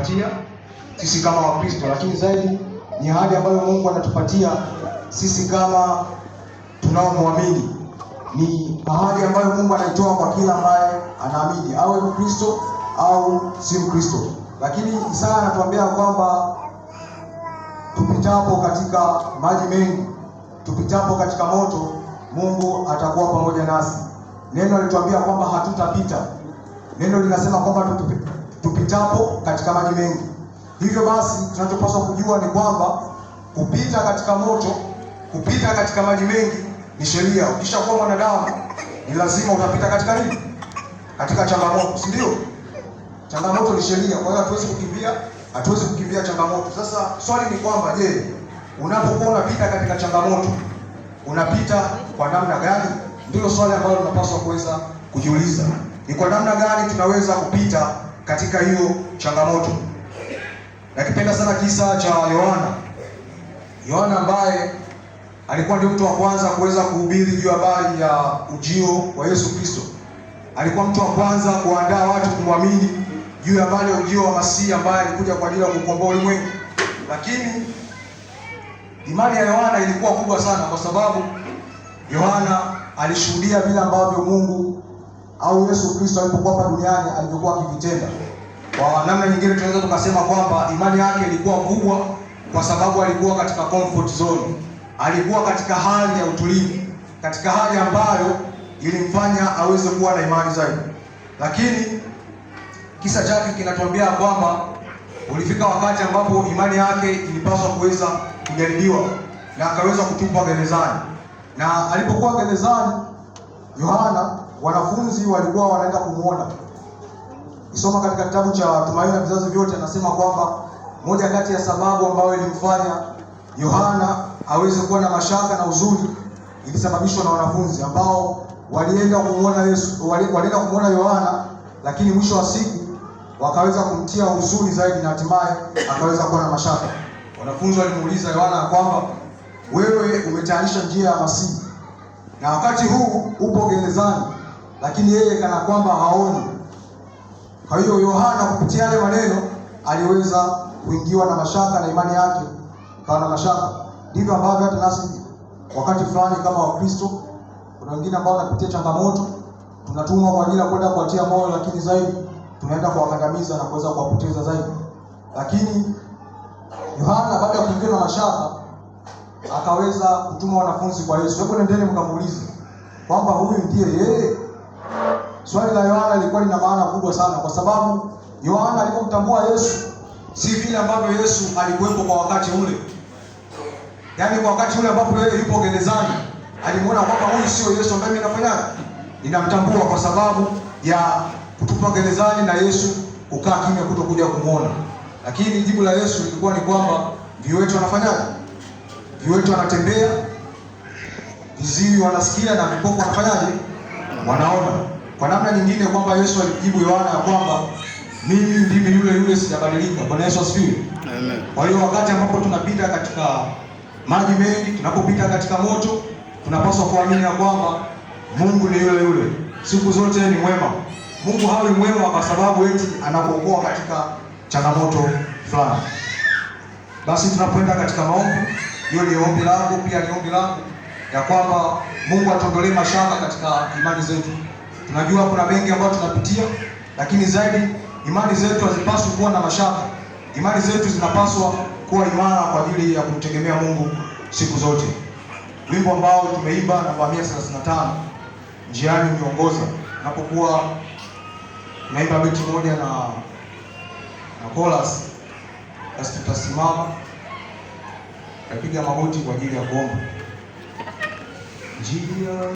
anatupatia sisi kama Wakristo, lakini zaidi ni ahadi ambayo Mungu anatupatia sisi kama tunaomwamini. Ni ahadi ambayo Mungu anaitoa kwa kila ambaye anaamini, awe Mkristo au si Mkristo. Lakini Isaya anatuambia kwamba tupitapo katika maji mengi, tupitapo katika moto, Mungu atakuwa pamoja nasi. Neno alituambia kwamba hatutapita. Neno linasema kwamba tupitapo katika maji mengi. Hivyo basi tunachopaswa kujua ni kwamba kupita katika moto, kupita katika maji mengi ni sheria. Ukishakuwa mwanadamu ni lazima utapita katika nini? Katika changamoto, si ndio? Changamoto ni sheria, kwa hiyo hatuwezi kukimbia, hatuwezi kukimbia changamoto. Sasa swali ni kwamba je, unapokuwa unapita katika changamoto unapita kwa namna gani? Ndilo swali ambalo tunapaswa kuweza kujiuliza, ni kwa namna gani tunaweza kupita katika hiyo changamoto. Nakipenda sana kisa cha Yohana. Yohana ambaye alikuwa ndio mtu wa kwanza kuweza kuhubiri juu habari ya ujio wa Yesu Kristo. Alikuwa mtu wa kwanza kuandaa watu kumwamini juu ya habari ya ujio wa Masihi ambaye alikuja kwa ajili ya kukomboa ulimwengu. Lakini imani ya Yohana ilikuwa kubwa sana, kwa sababu Yohana alishuhudia vile ambavyo Mungu au Yesu Kristo alipokuwa hapa duniani alivyokuwa akivitenda. Kwa namna nyingine, tunaweza tukasema kwamba imani yake ilikuwa kubwa kwa sababu alikuwa katika comfort zone, alikuwa katika hali ya utulivu, katika hali ambayo ilimfanya aweze kuwa na imani zaidi. Lakini kisa chake kinatuambia kwamba ulifika wakati ambapo imani yake ilipaswa kuweza kujaribiwa na akaweza kutupwa gerezani, na alipokuwa gerezani Yohana wanafunzi walikuwa wanaenda kumwona. Isoma katika kitabu cha Tumaini na Vizazi Vyote, anasema kwamba moja kati ya sababu ambayo ilimfanya Yohana aweze kuwa na mashaka na uzuri ilisababishwa na wanafunzi ambao walienda kumwona Yesu, walienda kumwona Yohana, lakini mwisho wa siku wakaweza kumtia uzuri zaidi na hatimaye akaweza kuwa na mashaka. Wanafunzi walimuuliza Yohana kwamba wewe umetayarisha njia ya Masihi na wakati huu upo gerezani lakini yeye kana kwamba haoni. Kwa hiyo Yohana kupitia yale maneno aliweza kuingiwa na mashaka na imani yake kawa na mashaka. Ndivyo ambavyo hata nasi wakati fulani kama Wakristo, kuna wengine ambao wanapitia changamoto, tunatumwa kwa ajili ya kwenda kuwatia moyo, lakini zaidi tunaenda kuwakandamiza na kuweza kuwapoteza zaidi. Lakini Yohana baada ya kuingiwa na mashaka akaweza kutuma wanafunzi kwa Yesu. Hebu nendeni mkamuulize kwamba huyu ndiye yeye Swali la Yohana lilikuwa lina maana kubwa sana, kwa sababu Yohana alipomtambua Yesu si vile ambavyo Yesu alikuwepo kwa wakati ule, yaani kwa wakati ule ambapo yeye yupo gerezani, alimuona kwamba huyu sio Yesu ambaye ninafanya ninamtambua, kwa sababu ya kutupa gerezani na Yesu kukaa kimya, kutokuja kumwona. Lakini jibu la Yesu lilikuwa ni kwamba viwetu anafanyaje? Viwetu anatembea, viziwi wanasikia na vipofu wanafanyaje? Wanaona kwa namna nyingine kwamba Yesu alijibu Yohana ya kwamba mimi ndimi yule yule, sijabadilika. Bwana Yesu asifiwe. Amen. Kwa hiyo wakati ambapo tunapita katika maji mengi, tunapopita katika moto, tunapaswa kuamini ya kwamba Mungu ni yule yule siku zote, ni mwema. Mungu hawi mwema kwa sababu eti anakuokoa katika changamoto fulani. Basi tunapoenda katika maombi, hiyo ni ombi langu, pia ni ombi langu ya kwamba Mungu atuondolee mashaka katika imani zetu. Tunajua kuna mengi ambayo tunapitia, lakini zaidi imani zetu hazipaswi kuwa na mashaka. Imani zetu zinapaswa kuwa imara kwa ajili ya kumtegemea Mungu siku zote. Wimbo ambao tumeimba namba 135 njiani uniongoza, napokuwa naimba beti moja na na chorus, basi tutasimama tapiga magoti kwa ajili ya kuomba. Jia